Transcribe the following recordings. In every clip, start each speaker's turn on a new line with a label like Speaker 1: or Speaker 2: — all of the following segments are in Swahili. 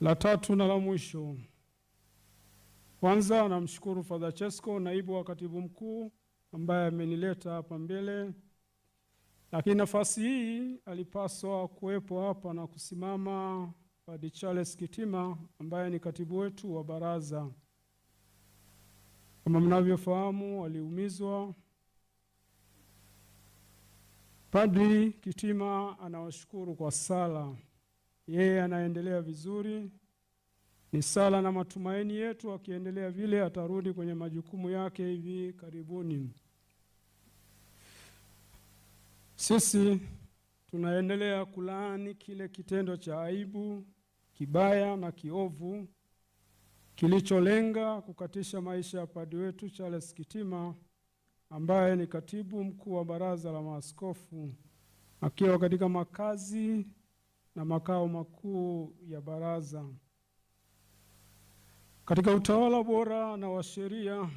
Speaker 1: La tatu na la mwisho, kwanza namshukuru Father Chesco, naibu wa katibu mkuu, ambaye amenileta hapa mbele, lakini nafasi hii alipaswa kuwepo hapa na kusimama Padre Charles Kitima ambaye ni katibu wetu wa baraza. Kama mnavyofahamu, aliumizwa. Padri Kitima anawashukuru kwa sala yeye anaendelea vizuri. Ni sala na matumaini yetu akiendelea vile atarudi kwenye majukumu yake hivi karibuni. Sisi tunaendelea kulaani kile kitendo cha aibu kibaya na kiovu kilicholenga kukatisha maisha ya padri wetu Charles Kitima ambaye ni katibu mkuu wa Baraza la Maaskofu akiwa katika makazi na makao makuu ya baraza. Katika utawala bora na wa sheria,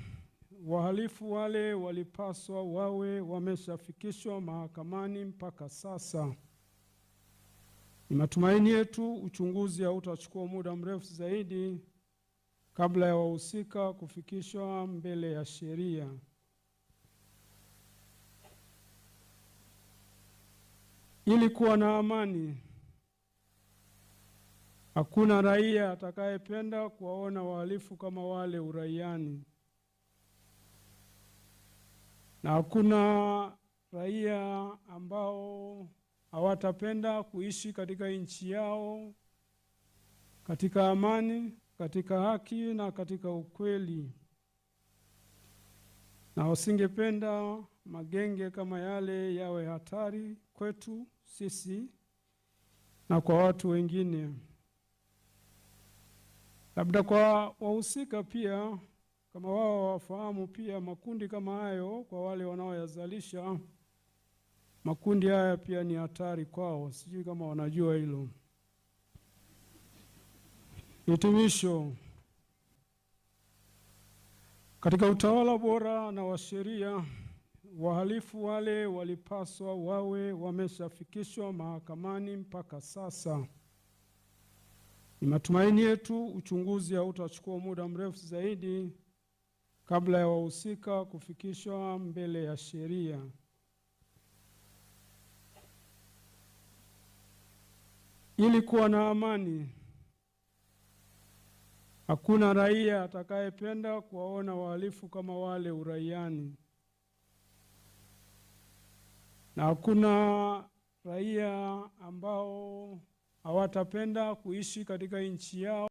Speaker 1: wahalifu wale walipaswa wawe wameshafikishwa mahakamani mpaka sasa. Ni matumaini yetu uchunguzi hautachukua muda mrefu zaidi kabla ya wahusika kufikishwa mbele ya sheria. Ili kuwa na amani Hakuna raia atakayependa kuwaona wahalifu kama wale uraiani, na hakuna raia ambao hawatapenda kuishi katika nchi yao katika amani, katika haki na katika ukweli, na wasingependa magenge kama yale yawe hatari kwetu sisi na kwa watu wengine. Labda kwa wahusika pia, kama wao wafahamu pia makundi kama hayo, kwa wale wanaoyazalisha makundi haya pia ni hatari kwao, sijui kama wanajua hilo. Hitimisho, katika utawala bora na wa sheria, wahalifu wale walipaswa wawe wameshafikishwa mahakamani mpaka sasa. Ni matumaini yetu uchunguzi hautachukua muda mrefu zaidi kabla ya wahusika kufikishwa mbele ya sheria. Ili kuwa na amani, hakuna raia atakayependa kuwaona wahalifu kama wale uraiani, na hakuna watapenda kuishi katika nchi yao.